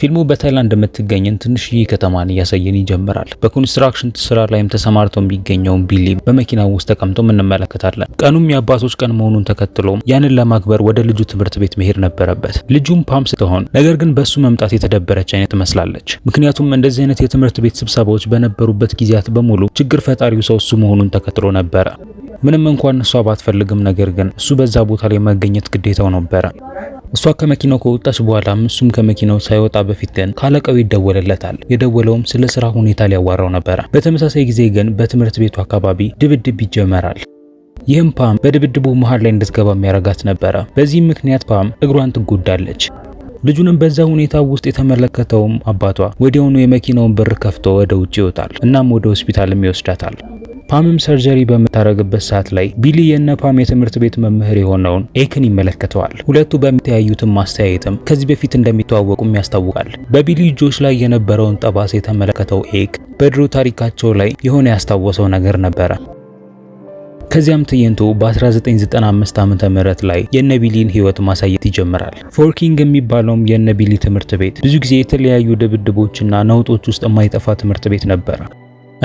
ፊልሙ በታይላንድ የምትገኝን ትንሽዬ ከተማን እያሳየን ይጀምራል። በኮንስትራክሽን ስራ ላይም ተሰማርተው የሚገኘውን ቢሊ በመኪና ውስጥ ተቀምጦ እንመለከታለን። ቀኑም የአባቶች ቀን መሆኑን ተከትሎም ያንን ለማክበር ወደ ልጁ ትምህርት ቤት መሄድ ነበረበት። ልጁም ፓም ስትሆን፣ ነገር ግን በሱ መምጣት የተደበረች አይነት ትመስላለች። ምክንያቱም እንደዚህ አይነት የትምህርት ቤት ስብሰባዎች በነበሩበት ጊዜያት በሙሉ ችግር ፈጣሪው ሰው እሱ መሆኑን ተከትሎ ነበረ። ምንም እንኳን እሷ ባትፈልግም፣ ነገር ግን እሱ በዛ ቦታ ላይ መገኘት ግዴታው ነበረ። እሷ ከመኪናው ከወጣች በኋላም እሱም ከመኪናው ሳይወጣ በፊት ግን ካለቀው ይደወልለታል። የደወለውም ስለ ስራ ሁኔታ ሊያዋራው ነበረ። በተመሳሳይ ጊዜ ግን በትምህርት ቤቱ አካባቢ ድብድብ ይጀመራል። ይህም ፓም በድብድቡ መሃል ላይ እንድትገባ የሚያረጋት ነበረ። በዚህም ምክንያት ፓም እግሯን ትጎዳለች። ልጁንም በዛ ሁኔታ ውስጥ የተመለከተውም አባቷ ወዲያውኑ የመኪናውን በር ከፍቶ ወደ ውጭ ይወጣል። እናም ወደ ሆስፒታልም ይወስዳታል። ፓምም ሰርጀሪ በምታደርግበት ሰዓት ላይ ቢሊ የነ ፓም የትምህርት ቤት መምህር የሆነውን ኤክን ይመለከተዋል። ሁለቱ በሚተያዩትም ማስተያየትም ከዚህ በፊት እንደሚተዋወቁም ያስታውቃል። በቢሊ እጆች ላይ የነበረውን ጠባሳ የተመለከተው ኤክ በድሮ ታሪካቸው ላይ የሆነ ያስታወሰው ነገር ነበረ። ከዚያም ትዕይንቱ በ1995 ዓ.ም ላይ የነቢሊን ህይወት ማሳየት ይጀምራል። ፎርኪንግ የሚባለውም የነቢሊ ትምህርት ቤት ብዙ ጊዜ የተለያዩ ድብድቦችና ነውጦች ውስጥ የማይጠፋ ትምህርት ቤት ነበር።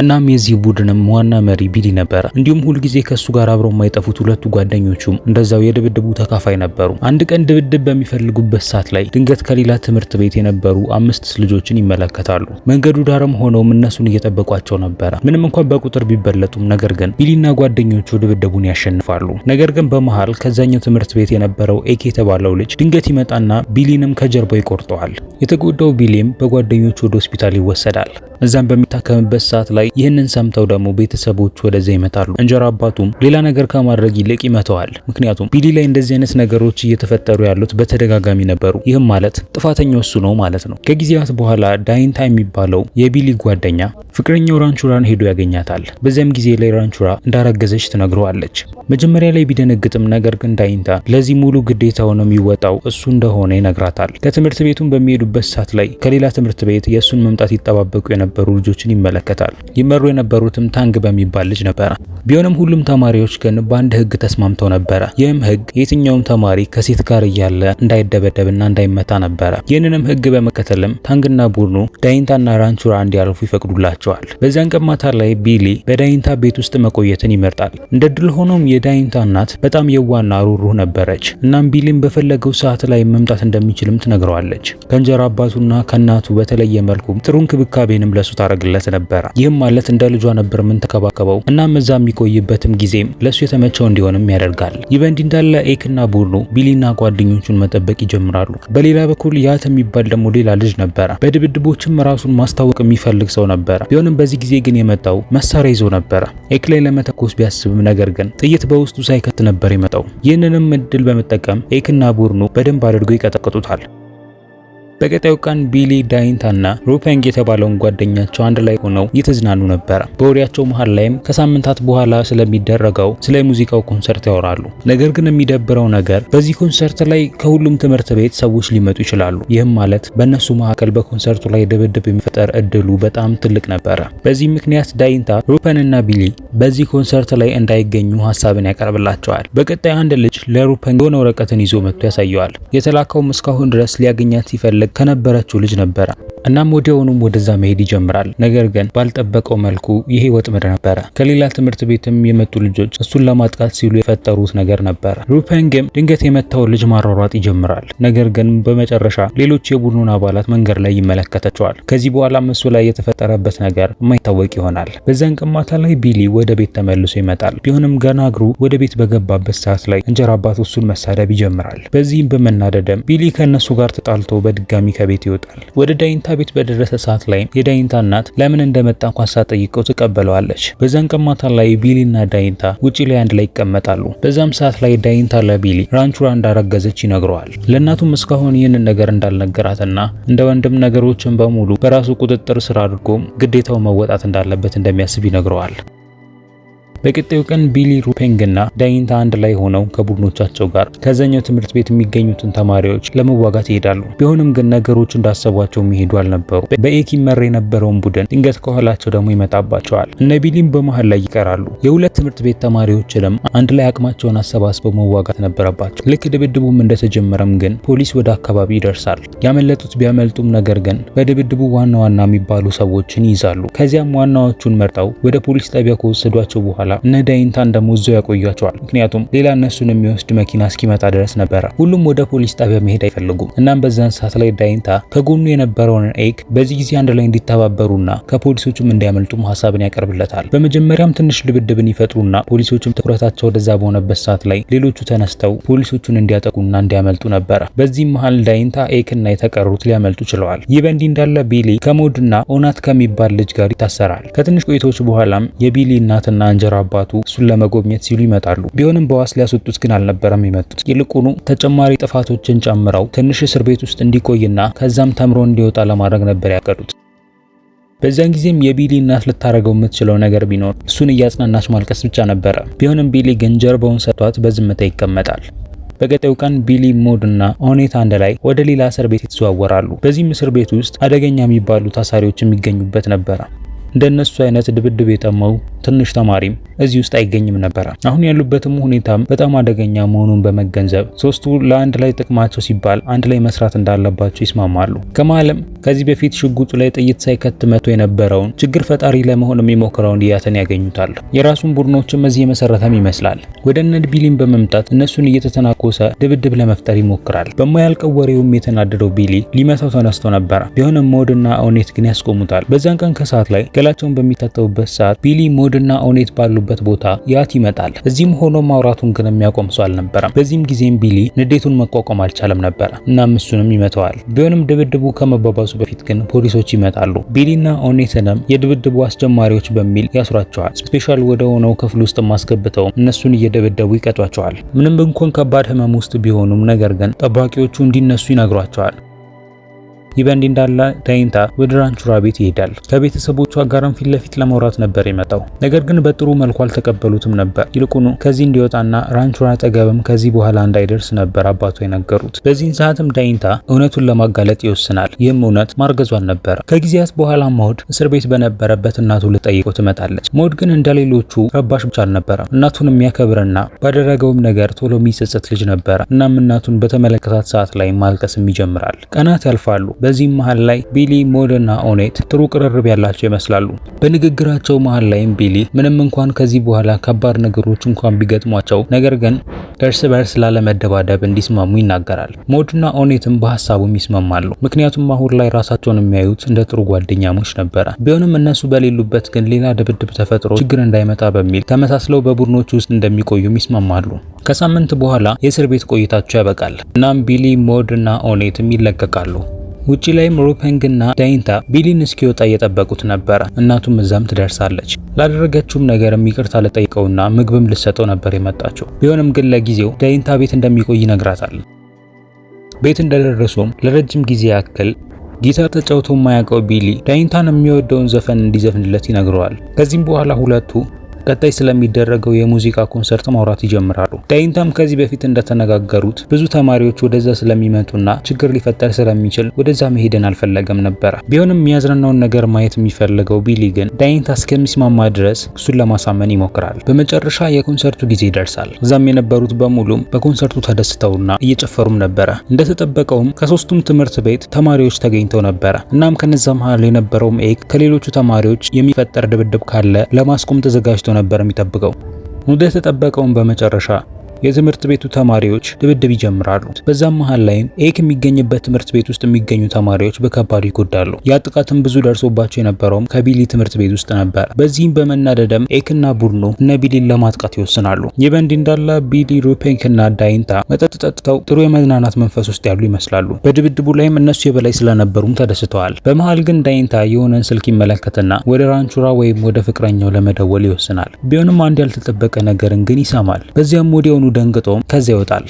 እናም የዚህ ቡድንም ዋና መሪ ቢሊ ነበረ። እንዲሁም ሁልጊዜ ከእሱ ጋር አብረው የማይጠፉት ሁለቱ ጓደኞቹም እንደዛው የድብድቡ ተካፋይ ነበሩ። አንድ ቀን ድብድብ በሚፈልጉበት ሰዓት ላይ ድንገት ከሌላ ትምህርት ቤት የነበሩ አምስት ልጆችን ይመለከታሉ። መንገዱ ዳርም ሆነውም እነሱን እየጠበቋቸው ነበረ። ምንም እንኳን በቁጥር ቢበለጡም፣ ነገር ግን ቢሊና ጓደኞቹ ድብድቡን ያሸንፋሉ። ነገር ግን በመሃል ከዛኛው ትምህርት ቤት የነበረው ኤክ የተባለው ልጅ ድንገት ይመጣና ቢሊንም ከጀርባው ይቆርጠዋል። የተጎዳው ቢሊም በጓደኞቹ ወደ ሆስፒታል ይወሰዳል። እዛም በሚታከምበት ሰዓት ላይ ላይ ይህንን ሰምተው ደግሞ ቤተሰቦች ወደዚያ ይመጣሉ። እንጀራ አባቱም ሌላ ነገር ከማድረግ ይልቅ ይመተዋል። ምክንያቱም ቢሊ ላይ እንደዚህ አይነት ነገሮች እየተፈጠሩ ያሉት በተደጋጋሚ ነበሩ። ይህም ማለት ጥፋተኛው እሱ ነው ማለት ነው። ከጊዜያት በኋላ ዳይንታ የሚባለው የቢሊ ጓደኛ ፍቅረኛው ራንቹራን ሄዶ ያገኛታል። በዚያም ጊዜ ላይ ራንቹራ እንዳረገዘች ትነግረዋለች። መጀመሪያ ላይ ቢደነግጥም ነገር ግን ዳይንታ ለዚህ ሙሉ ግዴታውን የሚወጣው እሱ እንደሆነ ይነግራታል። ከትምህርት ቤቱን በሚሄዱበት ሰዓት ላይ ከሌላ ትምህርት ቤት የእሱን መምጣት ይጠባበቁ የነበሩ ልጆችን ይመለከታል። ይመሩ የነበሩትም ታንግ በሚባል ልጅ ነበር። ቢሆንም ሁሉም ተማሪዎች ግን በአንድ ህግ ተስማምተው ነበረ። ይህም ህግ የትኛውም ተማሪ ከሴት ጋር እያለ እንዳይደበደብና እንዳይመታ ነበረ። ይህንንም ህግ በመከተልም ታንግና ቡድኑ ዳይንታና ራንቹራ እንዲያልፉ ይፈቅዱላቸዋል። በዚያን ቀን ማታ ላይ ቢሊ በዳይንታ ቤት ውስጥ መቆየትን ይመርጣል። እንደ ድል ሆኖም የዳይንታ እናት በጣም የዋና ሩሩህ ነበረች። እናም ቢሊም በፈለገው ሰዓት ላይ መምጣት እንደሚችልም ትነግረዋለች። ከእንጀራ አባቱና ከእናቱ በተለየ መልኩ ጥሩ እንክብካቤንም ለሱ ታደርግለት ነበረ። ይህም ማለት እንደ ልጇ ነበር የምንተከባከበው እናም እዛም የሚቆይበትም ጊዜ ለሱ የተመቸው እንዲሆንም ያደርጋል። ይህ በእንዲህ እንዳለ ኤክና ቡድኑ ቢሊና ጓደኞቹን መጠበቅ ይጀምራሉ። በሌላ በኩል ያት የሚባል ደግሞ ሌላ ልጅ ነበረ። በድብድቦችም ራሱን ማስታወቅ የሚፈልግ ሰው ነበረ። ቢሆንም በዚህ ጊዜ ግን የመጣው መሳሪያ ይዞ ነበረ። ኤክ ላይ ለመተኮስ ቢያስብም ነገር ግን ጥይት በውስጡ ሳይከት ነበር የመጣው። ይህንንም እድል በመጠቀም ኤክና ቡድኑ በደንብ አድርገው ይቀጠቅጡታል። በቀጣዩ ቀን ቢሊ ዳይንታና ሩፔንግ የተባለውን ጓደኛቸው አንድ ላይ ሆነው እየተዝናኑ ነበረ። በወሬያቸው መሀል ላይም ከሳምንታት በኋላ ስለሚደረገው ስለ ሙዚቃው ኮንሰርት ያወራሉ። ነገር ግን የሚደብረው ነገር በዚህ ኮንሰርት ላይ ከሁሉም ትምህርት ቤት ሰዎች ሊመጡ ይችላሉ። ይህም ማለት በእነሱ መካከል በኮንሰርቱ ላይ ድብድብ የሚፈጠር እድሉ በጣም ትልቅ ነበረ። በዚህ ምክንያት ዳይንታ ሩፐን እና ቢሊ በዚህ ኮንሰርት ላይ እንዳይገኙ ሀሳብን ያቀርብላቸዋል። በቀጣይ አንድ ልጅ ለሩፐን የሆነ ወረቀትን ይዞ መጥቶ ያሳየዋል። የተላከውም እስካሁን ድረስ ሊያገኛት ሲፈልግ ከነበረችው ልጅ ነበረ። እናም ወዲያውኑም ወደዛ መሄድ ይጀምራል። ነገር ግን ባልጠበቀው መልኩ ይሄ ወጥመድ ነበረ። ከሌላ ትምህርት ቤትም የመጡ ልጆች እሱን ለማጥቃት ሲሉ የፈጠሩት ነገር ነበረ። ሩፐንግም ድንገት የመታውን ልጅ ማሯሯጥ ይጀምራል። ነገር ግን በመጨረሻ ሌሎች የቡድኑን አባላት መንገድ ላይ ይመለከታቸዋል። ከዚህ በኋላ እሱ ላይ የተፈጠረበት ነገር የማይታወቅ ይሆናል። በዚያን ቅማታ ላይ ቢሊ ወደ ቤት ተመልሶ ይመጣል። ቢሆንም ገና እግሩ ወደ ቤት በገባበት ሰዓት ላይ እንጀራ አባት እሱን መሳደብ ይጀምራል። በዚህም በመናደደም ቢሊ ከእነሱ ጋር ተጣልቶ በድጋሚ ከቤት ይወጣል። ወደ ዳይንታ ቤት በደረሰ ሰዓት ላይ የዳይንታ እናት ለምን እንደመጣ እንኳን ጠይቀው ትቀበለዋለች። በዛን ቀማታ ላይ ላይ ቢሊና ዳይንታ ውጪ ላይ አንድ ላይ ይቀመጣሉ። በዛም ሰዓት ላይ ዳይንታ ለቢሊ ራንቹራ እንዳረገዘች ይነግረዋል። ለእናቱም እስካሁን ይህንን ነገር እንዳልነገራትና እንደ ወንድም ነገሮችን በሙሉ በራሱ ቁጥጥር ስር አድርጎም ግዴታው መወጣት እንዳለበት እንደሚያስብ ይነግረዋል። በቀጣዩ ቀን ቢሊ እና ዳይንታ አንድ ላይ ሆነው ከቡድኖቻቸው ጋር ከዛኛው ትምህርት ቤት የሚገኙትን ተማሪዎች ለመዋጋት ይሄዳሉ። ቢሆንም ግን ነገሮች እንዳሰቧቸው የሚሄዱ አልነበሩ። በኤክ ይመራ የነበረውን ቡድን ድንገት ከኋላቸው ደግሞ ይመጣባቸዋል። እነ ቢሊም በመሀል ላይ ይቀራሉ። የሁለት ትምህርት ቤት ተማሪዎችንም አንድ ላይ አቅማቸውን አሰባስበው መዋጋት ነበረባቸው። ልክ ድብድቡም እንደተጀመረም ግን ፖሊስ ወደ አካባቢ ይደርሳል። ያመለጡት ቢያመልጡም ነገር ግን በድብድቡ ዋና ዋና የሚባሉ ሰዎችን ይይዛሉ። ከዚያም ዋናዎቹን መርጠው ወደ ፖሊስ ጣቢያ ከወሰዷቸው በኋላ በኋላ እነ ዳይንታን ደግሞ ያቆያቸዋል። ምክንያቱም ሌላ እነሱን የሚወስድ መኪና እስኪመጣ ድረስ ነበረ። ሁሉም ወደ ፖሊስ ጣቢያ መሄድ አይፈልጉም። እናም በዛን ሰዓት ላይ ዳይንታ ከጎኑ የነበረውን ኤክ በዚህ ጊዜ አንድ ላይ እንዲተባበሩና ከፖሊሶቹም እንዲያመልጡም ሀሳብን ያቀርብለታል። በመጀመሪያም ትንሽ ድብድብን ይፈጥሩና ፖሊሶቹም ትኩረታቸው ወደዛ በሆነበት ሰዓት ላይ ሌሎቹ ተነስተው ፖሊሶቹን እንዲያጠቁና እንዲያመልጡ ነበረ። በዚህም መሃል ዳይንታ ኤክና የተቀሩት ሊያመልጡ ችለዋል። ይህ በእንዲህ እንዳለ ቢሊ ከሞድና ኦናት ከሚባል ልጅ ጋር ይታሰራል። ከትንሽ ቆይቶች በኋላም የቢሊ እናትና እንጀራ አባቱ እሱን ለመጎብኘት ሲሉ ይመጣሉ። ቢሆንም በዋስ ሊያስወጡት ግን አልነበረም የመጡት። ይልቁኑ ተጨማሪ ጥፋቶችን ጨምረው ትንሽ እስር ቤት ውስጥ እንዲቆይና ከዛም ተምሮ እንዲወጣ ለማድረግ ነበር ያቀዱት። በዚያን ጊዜም የቢሊ እናት ልታደርገው የምትችለው ነገር ቢኖር እሱን እያጽናናች ማልቀስ ብቻ ነበረ። ቢሆንም ቢሊ ግን ጀርባውን ሰጥቷት በዝምታ ይቀመጣል። በቀጣዩ ቀን ቢሊ ሞድ እና ኦኔት አንድ ላይ ወደ ሌላ እስር ቤት ይዘዋወራሉ። በዚህም እስር ቤት ውስጥ አደገኛ የሚባሉ ታሳሪዎች የሚገኙበት ነበረ። እንደነሱ አይነት ድብድብ የጠመው ትንሽ ተማሪም እዚህ ውስጥ አይገኝም ነበር። አሁን ያሉበትም ሁኔታም በጣም አደገኛ መሆኑን በመገንዘብ ሶስቱ ለአንድ ላይ ጥቅማቸው ሲባል አንድ ላይ መስራት እንዳለባቸው ይስማማሉ። ከማለም ከዚህ በፊት ሽጉጡ ላይ ጥይት ሳይከት መቶ የነበረውን ችግር ፈጣሪ ለመሆን የሚሞክረውን ያተን ያገኙታል። የራሱን ቡድኖችም እዚህ የመሰረተም ይመስላል። ወደ ቢሊን በመምጣት እነሱን እየተተናኮሰ ድብድብ ለመፍጠር ይሞክራል። በማያልቀው ወሬውም የተናደደው ቢሊ ሊመታው ተነስቶ ነበረ። ቢሆንም ሞድና ኦኔት ግን ያስቆሙታል። በዛን ቀን ከሰዓት ላይ ገላቸውን በሚታጠቡበት ሰዓት ቢሊ ሞድና ኦኔት ባሉበት ቦታ ያት ይመጣል። እዚህም ሆኖ ማውራቱን ግን የሚያቆም ሰው አልነበረም። በዚህም ጊዜም ቢሊ ንዴቱን መቋቋም አልቻለም ነበረ። እናም እሱንም ይመተዋል። ቢሆንም ድብድቡ ከመባባሱ በፊት ግን ፖሊሶች ይመጣሉ። ቢሊና ኦኔትንም የድብድቡ አስጀማሪዎች በሚል ያስሯቸዋል። ስፔሻል ወደ ሆነው ክፍል ውስጥ ማስገብተው እነሱን እየደበደቡ ይቀጧቸዋል። ምንም እንኳን ከባድ ህመም ውስጥ ቢሆኑም ነገር ግን ጠባቂዎቹ እንዲነሱ ይነግሯቸዋል። ይህ በእንዲህ እንዳለ ዳይንታ ወደ ራንቹራ ቤት ይሄዳል። ከቤተሰቦቿ ጋርም ፊት ለፊት ለማውራት ነበር የመጣው። ነገር ግን በጥሩ መልኩ አልተቀበሉትም ነበር። ይልቁኑ ከዚህ እንዲወጣና ራንቹራ አጠገብም ከዚህ በኋላ እንዳይደርስ ነበር አባቷ የነገሩት። በዚህን ሰዓትም ዳይንታ እውነቱን ለማጋለጥ ይወስናል። ይህም እውነት ማርገዟን ነበር። ከጊዜያት በኋላ ማውድ እስር ቤት በነበረበት እናቱ ልጠይቆ ትመጣለች። ሞድ ግን እንደሌሎቹ ረባሽ ብቻ አልነበረም። እናቱን የሚያከብርና ባደረገውም ነገር ቶሎ የሚጸጸት ልጅ ነበረ። እናም እናቱን በተመለከታት ሰዓት ላይ ማልቀስም ይጀምራል። ቀናት ያልፋሉ። በዚህም መሃል ላይ ቢሊ ሞድ ኦኔት ጥሩ ቅርርብ ያላቸው ይመስላሉ። በንግግራቸው መሃል ላይም ቢሊ ምንም እንኳን ከዚህ በኋላ ከባድ ነገሮች እንኳን ቢገጥሟቸው ነገር ግን እርስ በርስ ላለመደባደብ እንዲስማሙ ይናገራል። ሞድና ኦኔትም በሀሳቡም ይስማማሉ። ምክንያቱም አሁን ላይ ራሳቸውን የሚያዩት እንደ ጥሩ ጓደኛሞች ነበረ። ቢሆንም እነሱ በሌሉበት ግን ሌላ ድብድብ ተፈጥሮ ችግር እንዳይመጣ በሚል ተመሳስለው በቡድኖች ውስጥ እንደሚቆዩም ይስማማሉ። ከሳምንት በኋላ የእስር ቤት ቆይታቸው ያበቃል። እናም ቢሊ ሞድና ኦኔትም ይለቀቃሉ። ውጪ ላይም ሩፐንግና ዳይንታ ቢሊን እስኪወጣ እየጠበቁት ነበር እናቱም እዛም ትደርሳለች። ላደረገችውም ነገርም ይቅርታ ልጠይቀውና ምግብም ልሰጠው ነበር የመጣችው። ቢሆንም ግን ለጊዜው ዳይንታ ቤት እንደሚቆይ ይነግራታል። ቤት እንደደረሱም ለረጅም ጊዜ ያክል ጊታር ተጫውቶ የማያውቀው ቢሊ ዳይንታን የሚወደውን ዘፈን እንዲዘፍንለት ይነግረዋል። ከዚህም በኋላ ሁለቱ ቀጣይ ስለሚደረገው የሙዚቃ ኮንሰርት ማውራት ይጀምራሉ። ዳይንታም ከዚህ በፊት እንደተነጋገሩት ብዙ ተማሪዎች ወደዛ ስለሚመጡና ችግር ሊፈጠር ስለሚችል ወደዛ መሄድን አልፈለገም ነበረ። ቢሆንም የሚያዝናናውን ነገር ማየት የሚፈልገው ቢሊ ግን ታይንታ እስከሚስማማ ድረስ እሱን ለማሳመን ይሞክራል። በመጨረሻ የኮንሰርቱ ጊዜ ይደርሳል። እዛም የነበሩት በሙሉም በኮንሰርቱ ተደስተውና እየጨፈሩም ነበረ። እንደተጠበቀውም ከሶስቱም ትምህርት ቤት ተማሪዎች ተገኝተው ነበረ። እናም ከነዛ መሀል የነበረውም ኤክ ከሌሎቹ ተማሪዎች የሚፈጠር ድብድብ ካለ ለማስቆም ተዘጋጅቶ ነበር የሚጠብቀው። ወደ ተጠበቀውም በመጨረሻ የትምህርት ቤቱ ተማሪዎች ድብድብ ይጀምራሉ። በዛም መሃል ላይም ኤክ የሚገኝበት ትምህርት ቤት ውስጥ የሚገኙ ተማሪዎች በከባዱ ይጎዳሉ። ያ ጥቃትም ብዙ ደርሶባቸው የነበረውም ከቢሊ ትምህርት ቤት ውስጥ ነበር። በዚህም በመናደደም ኤክና ቡድኑ እነ ቢሊን ለማጥቃት ይወስናሉ። ይህ በእንዲህ እንዳለ ቢሊ ሩፔንክና ዳይንታ መጠጥ ጠጥተው ጥሩ የመዝናናት መንፈስ ውስጥ ያሉ ይመስላሉ። በድብድቡ ላይም እነሱ የበላይ ስለነበሩም ተደስተዋል። በመሃል ግን ዳይንታ የሆነን ስልክ ይመለከትና ወደ ራንቹራ ወይም ወደ ፍቅረኛው ለመደወል ይወስናል። ቢሆንም አንድ ያልተጠበቀ ነገርን ግን ይሰማል። በዚያም ወዲያውኑ ደንግጦም ከዚያ ይወጣል።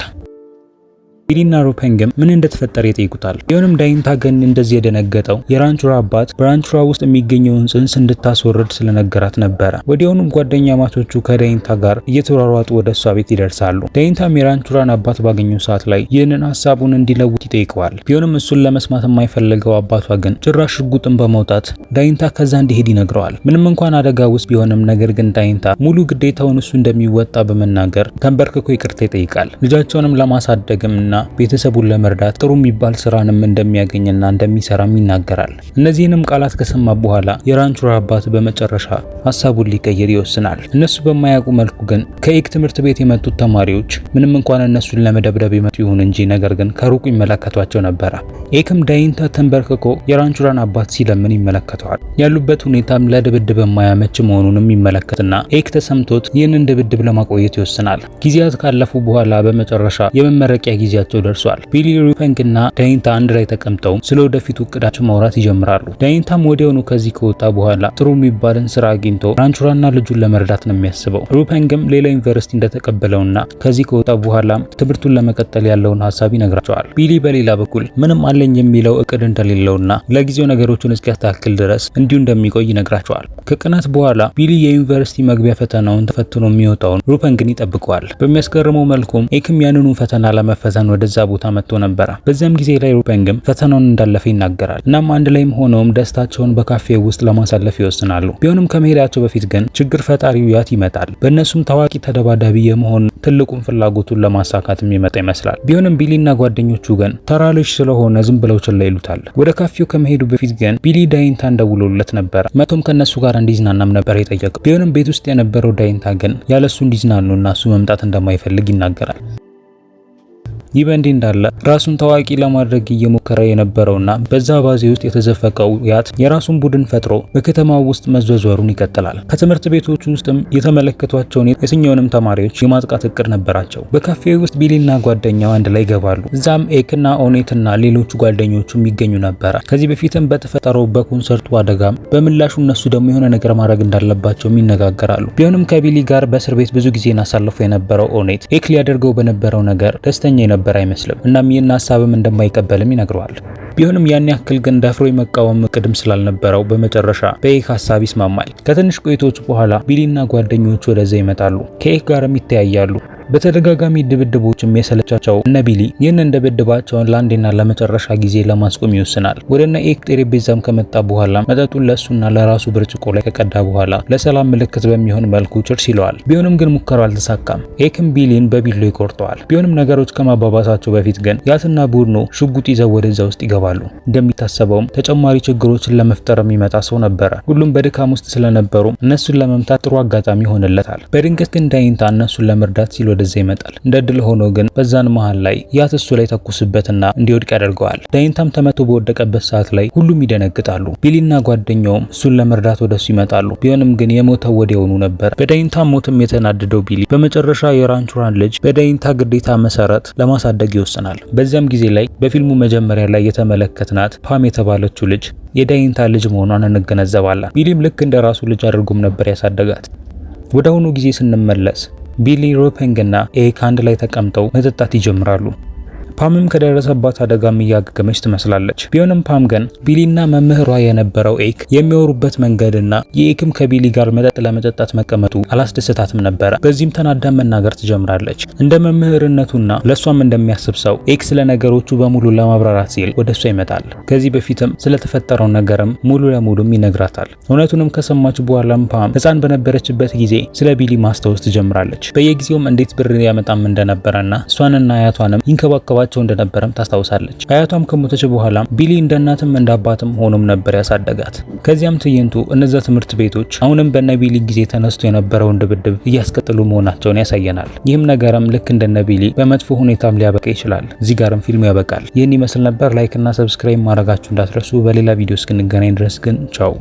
ቴዲና ሩፐንግም ምን እንደተፈጠረ ይጠይቁታል። ቢሆንም ዳይንታ ገን እንደዚህ የደነገጠው የራንቹራ አባት በራንቹራ ውስጥ የሚገኘውን ጽንስ እንድታስወርድ ስለነገራት ነበረ። ወዲያውኑም ጓደኛ ማቾቹ ከዳይንታ ጋር እየተሯሯጡ ወደ እሷ ቤት ይደርሳሉ። ዳይንታም የራንቹራን አባት ባገኘው ሰዓት ላይ ይህንን ሀሳቡን እንዲለውጥ ይጠይቀዋል። ቢሆንም እሱን ለመስማት የማይፈልገው አባቷ ግን ጭራሽ ሽጉጥን በመውጣት ዳይንታ ከዛ እንዲሄድ ይነግረዋል። ምንም እንኳን አደጋ ውስጥ ቢሆንም ነገር ግን ዳይንታ ሙሉ ግዴታውን እሱ እንደሚወጣ በመናገር ተንበርክኮ ይቅርታ ይጠይቃል። ልጃቸውንም ለማሳደግም እና ቤተሰቡን ለመርዳት ጥሩ የሚባል ስራንም እንደሚያገኝና እንደሚሰራም ይናገራል። እነዚህንም ቃላት ከሰማ በኋላ የራንቹራ አባት በመጨረሻ ሀሳቡን ሊቀይር ይወስናል። እነሱ በማያውቁ መልኩ ግን ከኤክ ትምህርት ቤት የመጡት ተማሪዎች ምንም እንኳን እነሱን ለመደብደብ የመጡ ይሁን እንጂ ነገር ግን ከሩቁ ይመለከቷቸው ነበረ። ኤክም ዳይንታ ተንበርክኮ የራንቹራን አባት ሲለምን ይመለከተዋል። ያሉበት ሁኔታም ለድብድብ የማያመች መሆኑንም ይመለከትና ኤክ ተሰምቶት ይህንን ድብድብ ለማቆየት ይወስናል። ጊዜያት ካለፉ በኋላ በመጨረሻ የመመረቂያ ጊዜያቸው ጊዜያቸው ደርሷል። ቢሊ ሪፐንግ እና ዳይንታ አንድ ላይ ተቀምጠው ስለ ወደፊቱ እቅዳቸው ማውራት ይጀምራሉ። ዳይንታም ወዲያውኑ ከዚህ ከወጣ በኋላ ጥሩ የሚባልን ስራ አግኝቶ ራንቹራና ልጁን ለመርዳት ነው የሚያስበው። ሩፐንግም ሌላ ዩኒቨርሲቲ እንደተቀበለውና ከዚህ ከወጣ በኋላም ትምህርቱን ለመቀጠል ያለውን ሀሳብ ይነግራቸዋል። ቢሊ በሌላ በኩል ምንም አለኝ የሚለው እቅድ እንደሌለውና ለጊዜው ነገሮችን እስኪያስተካክል ድረስ እንዲሁ እንደሚቆይ ይነግራቸዋል። ከቀናት በኋላ ቢሊ የዩኒቨርሲቲ መግቢያ ፈተናውን ተፈትኖ የሚወጣውን ሩፐንግን ይጠብቀዋል። በሚያስገርመው መልኩም ኤክም ያንኑ ፈተና ለመፈተን ወደዛ ቦታ መጥቶ ነበረ። በዚያም ጊዜ ላይ ሩፐንግም ፈተናውን እንዳለፈ ይናገራል። እናም አንድ ላይም ሆኖም ደስታቸውን በካፌ ውስጥ ለማሳለፍ ይወስናሉ። ቢሆንም ከመሄዳቸው በፊት ግን ችግር ፈጣሪው ያት ይመጣል። በእነሱም ታዋቂ ተደባዳቢ የመሆን ትልቁን ፍላጎቱን ለማሳካት ይመጣ ይመስላል። ቢሆንም ቢሊና ጓደኞቹ ግን ተራ ልጅ ስለሆነ ዝም ብለው ችላ ይሉታል። ወደ ካፌው ከመሄዱ በፊት ግን ቢሊ ዳይንታን ደውሎለት ነበረ። መቶም ከነሱ ጋር እንዲዝናናም ነበር የጠየቀው። ቢሆንም ቤት ውስጥ የነበረው ዳይንታ ግን ያለሱ እንዲዝናኑና እሱ መምጣት እንደማይፈልግ ይናገራል። ይህ በእንዲህ እንዳለ ራሱን ታዋቂ ለማድረግ እየሞከረ የነበረውና በዛ ባዜ ውስጥ የተዘፈቀው ያት የራሱን ቡድን ፈጥሮ በከተማው ውስጥ መዘዘሩን ይቀጥላል። ከትምህርት ቤቶች ውስጥም የተመለከቷቸውን የትኛውንም ተማሪዎች የማጥቃት እቅድ ነበራቸው። በካፌ ውስጥ ቢሊና ጓደኛው አንድ ላይ ይገባሉ። እዛም ኤክና ኦኔትና ሌሎቹ ጓደኞቹም ይገኙ ነበረ። ከዚህ በፊትም በተፈጠረው በኮንሰርቱ አደጋም በምላሹ እነሱ ደግሞ የሆነ ነገር ማድረግ እንዳለባቸውም ይነጋገራሉ። ቢሆንም ከቢሊ ጋር በእስር ቤት ብዙ ጊዜን አሳልፎ የነበረው ኦኔት ኤክ ሊያደርገው በነበረው ነገር ደስተኛ የሚቀበር አይመስልም። እናም ይህን ሀሳብም እንደማይቀበልም ይነግረዋል። ቢሆንም ያን ያክል ግን ደፍሮ የመቃወም እቅድም ስላልነበረው በመጨረሻ በኤክ ሀሳብ ይስማማል። ከትንሽ ቆይቶች በኋላ ቢሊና ጓደኞቹ ወደዚያ ይመጣሉ። ከኤክ ጋርም ይተያያሉ። በተደጋጋሚ ድብድቦችም የሰለቻቸው ነቢሊ ይህንን ድብድባቸውን ለአንዴና ለመጨረሻ ጊዜ ለማስቆም ይወስናል። ወደና ኤክ ጠረጴዛም ከመጣ በኋላ መጠጡን ለእሱና ለራሱ ብርጭቆ ላይ ከቀዳ በኋላ ለሰላም ምልክት በሚሆን መልኩ ችርስ ይለዋል። ቢሆንም ግን ሙከራው አልተሳካም። ኤክም ቢሊን በቢሎ ይቆርጠዋል። ቢሆንም ነገሮች ከማባባሳቸው በፊት ግን ያትና ቡድኖ ሽጉጥ ይዘው ወደዛ ውስጥ ይገባሉ። እንደሚታሰበውም ተጨማሪ ችግሮችን ለመፍጠር የሚመጣ ሰው ነበረ። ሁሉም በድካም ውስጥ ስለነበሩ እነሱን ለመምታት ጥሩ አጋጣሚ ይሆንለታል። በድንገት ግን ዳይንታ እነሱን ለመርዳት ሲል ወደ ወደዛ ይመጣል። እንደ ድል ሆኖ ግን በዛን መሃል ላይ ያት እሱ ላይ ተኩስበትና እንዲወድቅ ያደርገዋል። ዳይንታም ተመቶ በወደቀበት ሰዓት ላይ ሁሉም ይደነግጣሉ። ቢሊና ጓደኛውም እሱን ለመርዳት ወደሱ ይመጣሉ። ቢሆንም ግን የሞተው ወዲያውኑ ነበር። በዳይንታም ሞትም የተናደደው ቢሊ በመጨረሻ የራንቹራን ልጅ በዳይንታ ግዴታ መሰረት ለማሳደግ ይወስናል። በዚያም ጊዜ ላይ በፊልሙ መጀመሪያ ላይ የተመለከትናት ፓም የተባለችው ልጅ የዳይንታ ልጅ መሆኗን እንገነዘባለን። ቢሊም ልክ እንደ ራሱ ልጅ አድርጎም ነበር ያሳደጋት። ወደ አሁኑ ጊዜ ስንመለስ ቢሊ ሮፔንግ እና ኤክ አንድ ላይ ተቀምጠው መጠጣት ይጀምራሉ። ፓምም ከደረሰባት አደጋም እያገገመች ትመስላለች። ቢሆንም ፓም ግን ቢሊና መምህሯ የነበረው ኤክ የሚወሩበት መንገድና የኤክም ከቢሊ ጋር መጠጥ ለመጠጣት መቀመጡ አላስደሰታትም ነበረ። በዚህም ተናዳ መናገር ትጀምራለች። እንደ መምህርነቱና ለእሷም እንደሚያስብ ሰው ኤክ ስለ ነገሮቹ በሙሉ ለማብራራት ሲል ወደ እሷ ይመጣል። ከዚህ በፊትም ስለተፈጠረው ነገርም ሙሉ ለሙሉም ይነግራታል። እውነቱንም ከሰማች በኋላም ፓም ህፃን በነበረችበት ጊዜ ስለ ቢሊ ማስታወስ ትጀምራለች። በየጊዜውም እንዴት ብር ያመጣም እንደነበረና እሷንና አያቷንም ይንከባከባት አብራቸው እንደነበረም ታስታውሳለች። አያቷም ከሞተች በኋላ ቢሊ እንደ እናትም እንደ አባትም ሆኖም ነበር ያሳደጋት። ከዚያም ትዕይንቱ እነዚያ ትምህርት ቤቶች አሁንም በነ ቢሊ ጊዜ ተነስቶ የነበረውን ድብድብ እያስቀጥሉ መሆናቸውን ያሳየናል። ይህም ነገርም ልክ እንደነ ቢሊ በመጥፎ ሁኔታም ሊያበቃ ይችላል። እዚህ ጋርም ፊልሙ ያበቃል። ይህን ይመስል ነበር። ላይክ እና ሰብስክራይብ ማድረጋችሁ እንዳትረሱ። በሌላ ቪዲዮ እስክንገናኝ ድረስ ግን ቻው።